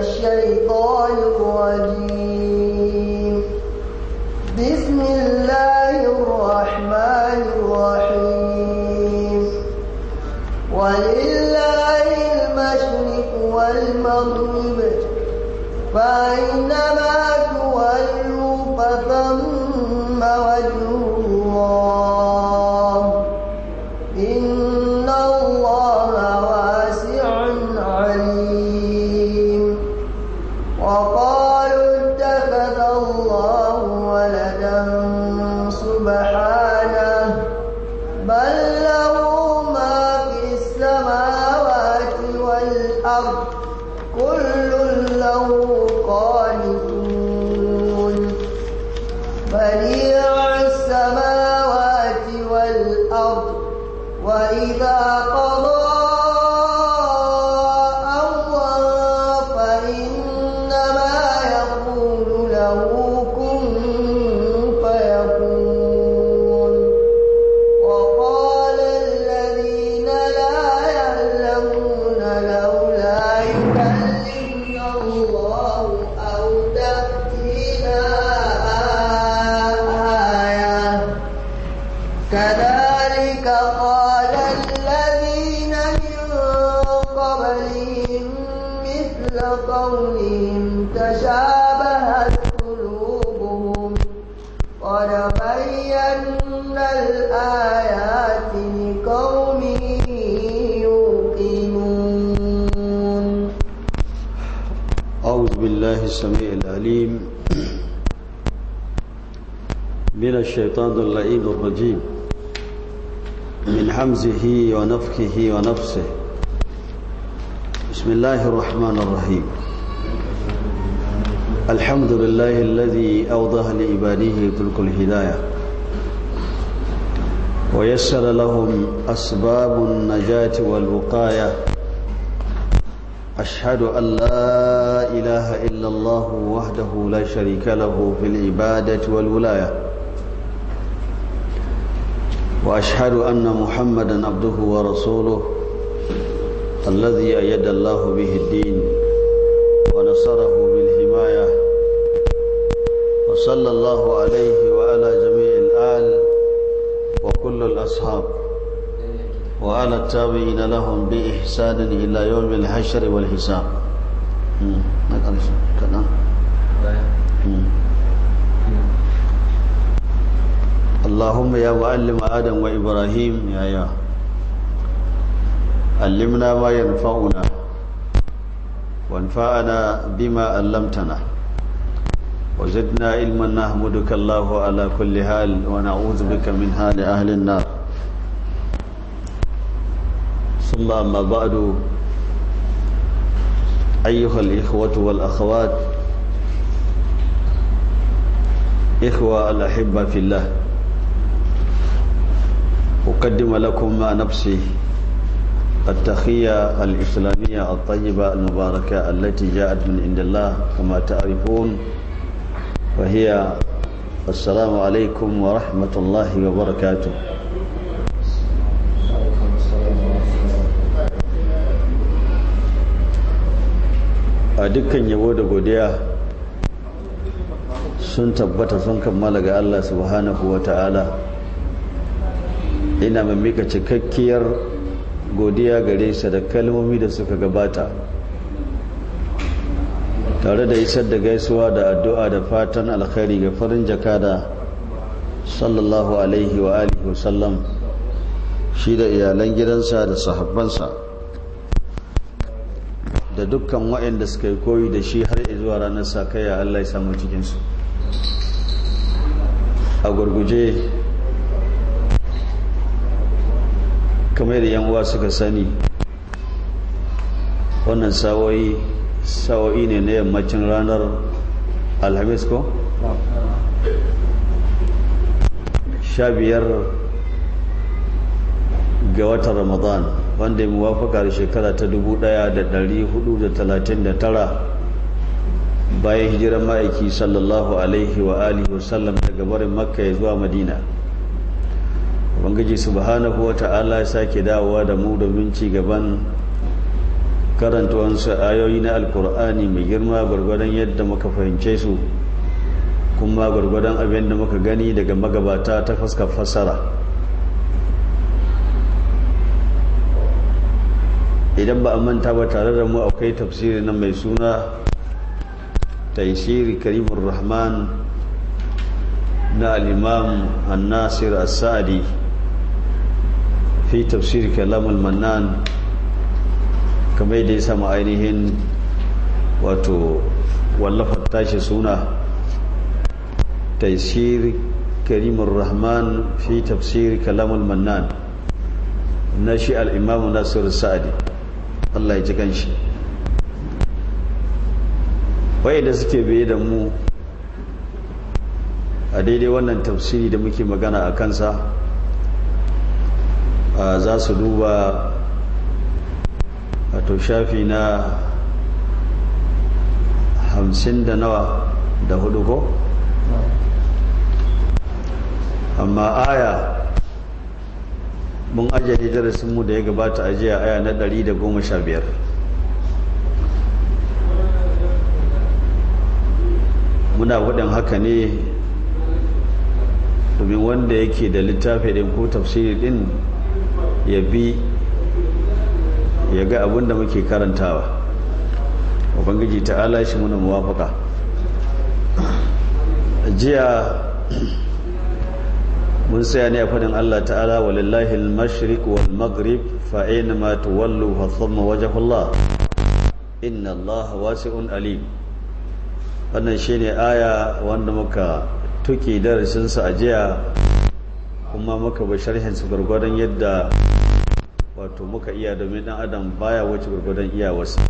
الشيطان الرجيم بسم الله الرحمن الرحيم ولله المشرق والمغرب فإنما الآيات لقوم يوقنون أعوذ بالله السميع العليم من الشيطان اللئيم الرجيم من حمزه ونفخه ونفسه بسم الله الرحمن الرحيم الحمد لله الذي أوضح لعباده تلك الهداية ويسر لهم أسباب النجاة والوقاية أشهد أن لا إله إلا الله وحده لا شريك له في العبادة والولاية وأشهد أن محمدا عبده ورسوله الذي أيد الله به الدين ونصره بالحماية وصلى الله عليه وعلى جميع كل الأصحاب وعلى التابعين لهم بإحسان إلى يوم الحشر والحساب اللهم يا معلم آدم وإبراهيم يا يا علمنا ما ينفعنا وانفعنا بما علمتنا وزدنا علما نحمدك الله على كل حال ونعوذ بك من حال أهل النار ثم ما بعد أيها الإخوة والأخوات إخوة الأحبة في الله أقدم لكم ما نفسي التخية الإسلامية الطيبة المباركة التي جاءت من عند الله كما تعرفون فهي السلام عليكم ورحمة الله وبركاته a dukkan yabo da godiya sun tabbata sun kammala ga Allah subhanahu wa ta'ala ina mai mika cikakkiyar godiya gare shi da kalmomi da suka gabata tare da isar da gaisuwa da addu'a da fatan alkhairi ga farin jakada sallallahu alaihi wa alihi wasallam shi da iyalan gidansa da sahabbansa da dukkan waɗanda suka yi koyi da shi har zuwa ranar sakaya Allah ya samu cikinsu a gurguje kamar yan uwa suka sani wannan sawoyi sa'o'i ne na yammacin ranar alhamis ko? sha biyar ga watan ramadan wanda ya muwafaka da shekara ta 1439 bayan hijirar ma'aiki sallallahu alaihi wa alihi wasallam daga barin makka ya zuwa madina wangaji subhanahu wa ta'ala ya sake dawowa da mu domin ci gaban karanta wasu ayoyi na alkur'ani mai girma gwargwadon yadda muka fahimce su kuma gwargwadon abin da muka gani daga magabata ta fuskar fassara idan ba a manta ba tare da mu akwai tafsiri na mai suna taishiri karimun rahman na al'imam annasir as-sa'adi fi tafsiri kalamul mannan kamar da ya samu ainihin wato wallafa tashi suna taisir karimun rahman fi tafsir kalamul mannan na shi al'imamu nasiru sa'adi allah ya ji ganshi waye da suke biye da mu a daidai wannan tafsiri da muke magana a kansa za su duba wato shafi na hamsin da nawa da hudu ko amma aya mun ajiye mu da ya gabata a aya na da goma sha biyar. muna hudun haka ne domin wanda yake da littafi ɗin ko tafsiri ɗin ya bi ya ga abin da muke karantawa ubangiji ta'ala shi muna muwafaka jiya mun saya ne a fadin Allah ta'ala walillahi al-mashriq wal maghrib fa ma tuwallu fa thamma wajhullah inna Allah wasi'un alim wannan shine aya wanda muka tuki darasin sa a jiya kuma muka bi sharhin su gurgurdan yadda wato muka iya domin dan adam baya wuce gurgudan wasu.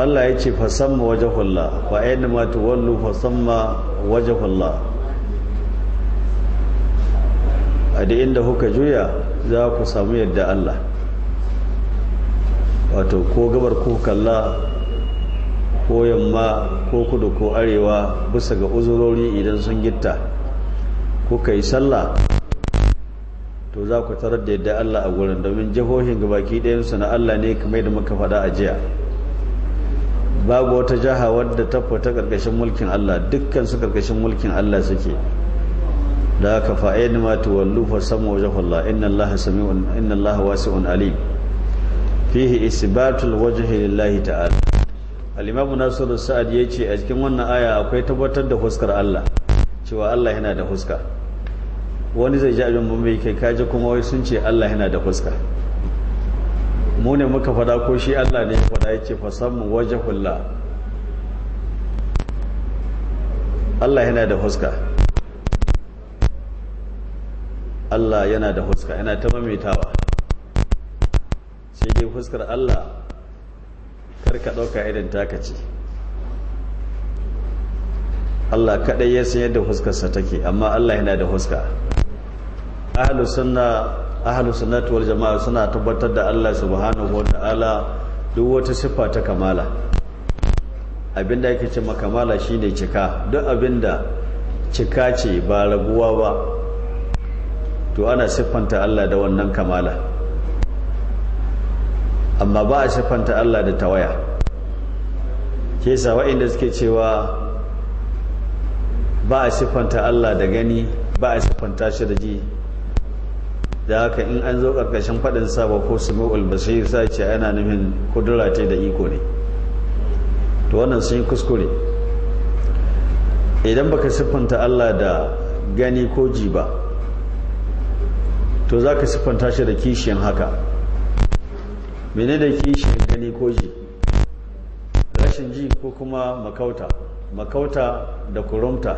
Allah ya ce fasamma wajahullah fa ayyana ma tuwallu fasamma a da inda kuka juya za ku samu yadda Allah wato ko gabar ko kalla ko yamma ko kudu ko arewa bisa ga uzurori idan sun gitta kuka yi sallah to za ku tarar da yadda Allah a gurin domin jihohin gabaki ɗayansu na Allah ne kamar da muka faɗa a jiya babu wata jiha wadda ta fita ƙarƙashin mulkin Allah dukkan su ƙarƙashin mulkin Allah suke da ka fa'ayin ma tuwallu fa samu wa Allah inna Allah sami'un inna Allah wasi'un alim fihi isbatul wajhi lillahi ta'ala al-imam Nasiru Sa'ad yace a cikin wannan aya akwai tabbatar da huskar Allah cewa Allah yana da huska wani zai ji abin bambai kai kaji kuma wai sun ce Allah yana da fuska mu ne muka fada ko shi Allah ne ya fada ya ce fasammu waje hulla Allah yana da fuska Allah yana da fuska yana ta mamitawa sai dai fuskar Allah karka ɗauka irin taka ce Allah kaɗai ya san yadda sa take amma Allah yana da fuska ahalus sunna wal jama'a suna tabbatar da Allah subhanahu ta'ala duk wata siffa ta kamala abinda yake ce makamala shine cika duk abinda cika ce ba raguwa ba to ana siffanta Allah da wannan kamala amma ba a siffanta Allah da tawaya ke sa inda suke cewa ba a siffanta Allah da gani ba a siffanta shi da ji da haka in an zo ƙarƙashin faɗin saba ko sami'ul basir sa ce ana nufin kudura ce da iko ne to wannan sun yi kuskure idan baka siffanta Allah da gani ko ji ba to za ka siffanta shi da kishiyan haka mene da kishiyan gani ko ji rashin ji ko kuma makauta makauta da kurumta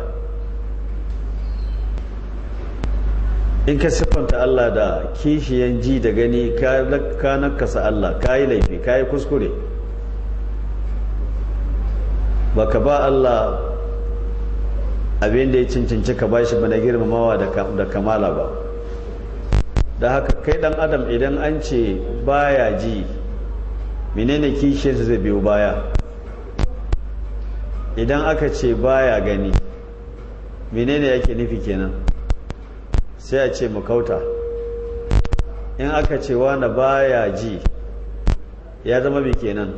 in ka siffanta Allah da kishiyan ji da gani ka nakasa Allah ka yi laifi ka yi kuskure ba ka ba Allah abin da ya cancanci ka ba shi girmamawa da kamala ba da haka kai dan adam idan an ce baya ji menene kishiyarsa zai biyo baya idan aka ce baya gani menene yake nufi kenan sai a ce mu kauta in aka ce wani baya ji ya zama mai kenan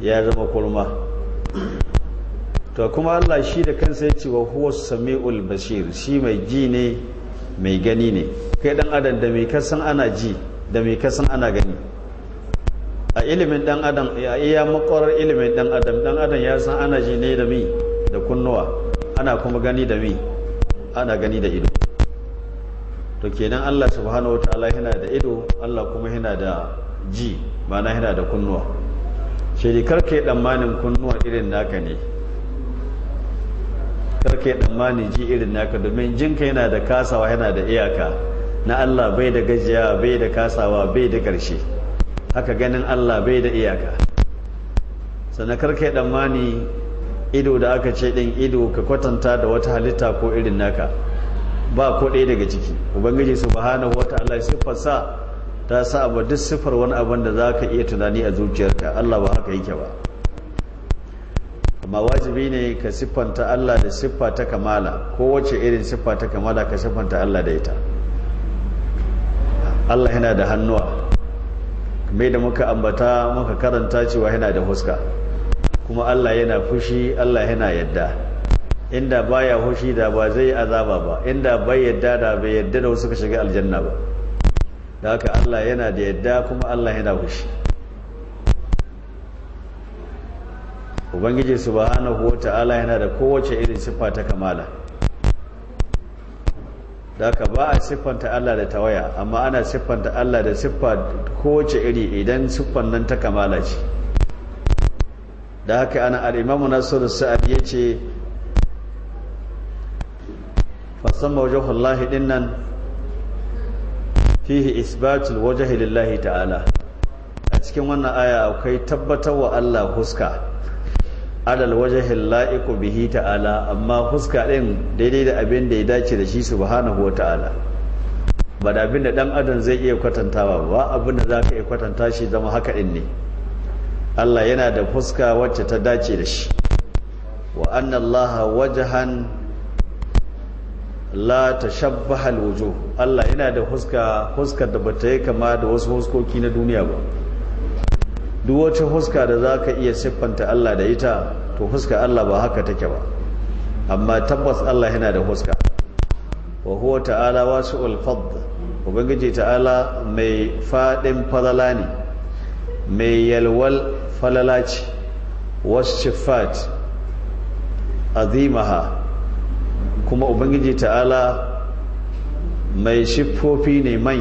ya zama kurma to kuma Allah shi da kansa ya ce wa huwa sami'ul basir shi mai ji ne mai gani ne kai dan adam da mai kasan ana ji da mai kasan ana gani a ilimin dan adam ya iya makwarar ilimin dan adam dan adam ya san ana ji ne da mi da kunnuwa ana kuma gani da mi ana gani da ido to kenan Allah subhanahu ta'ala yana da ido Allah kuma yana da ji na yana da kunnuwa shi ka yi damanin kunnuwa irin naka ne karka yi damanin ji irin naka domin jinka yana da kasawa yana da iyaka na Allah bai da gajiya bai da kasawa bai da ƙarshe haka ganin Allah bai da iyaka sannan karka yi damanin ido da aka ce ɗin ido ka kwatanta da wata halitta ko irin naka ba ko ɗaya daga ciki ubangiji wata wata'ala siffar sa ta sa ba duk siffar wani abin da za ka iya tunani a zuciyarka Allah ba haka yake ba amma wajibi ne ka siffanta Allah da siffa ta kamala wacce irin siffa ta kamala ka siffanta Allah da ita Allah yana da hannuwa mai da muka ambata muka karanta cewa yana da huska kuma Allah yana fushi Allah yana yadda inda baya hushi da ba zai azaba ba inda bai yadda da bai yadda da wasu ka shiga aljanna ba da haka Allah yana da yadda kuma Allah yana hushi ubangiji subhanahu ta'ala yana da kowace irin siffa ta kamala da haka ba a siffanta Allah da tawaya amma ana siffanta Allah da siffa kowace iri idan siffan nan ta kamala ce da haka ana al-imamu nasiru sa'ad yace fasamma wajahullahi dinnan fihi isbatul wajhi lillahi ta'ala a cikin wannan aya akwai tabbatar wa Allah huska adal wajhil la'iqu bihi ta'ala amma huska din daidai da abin da ya dace da shi subhanahu wa ta'ala ba da abin da dan adam zai iya kwatantawa ba abin da zaka iya kwatanta shi zama haka din ne Allah yana da fuska wacce ta dace da shi wa anna Allah wajhan la ta shabba alwujuh Allah yana da huska huska da bata yi kama da wasu huskoki na duniya ba duk wata huska da za ka iya siffanta Allah da ita to huska Allah ba haka take ba amma tabbas Allah yana da huska wa huwa ta'ala wasi'ul fadl ubangiji ta'ala mai fadin falala ne mai yalwal falala ce wasu azimaha kuma ubangiji ta'ala mai shiffofi ne manya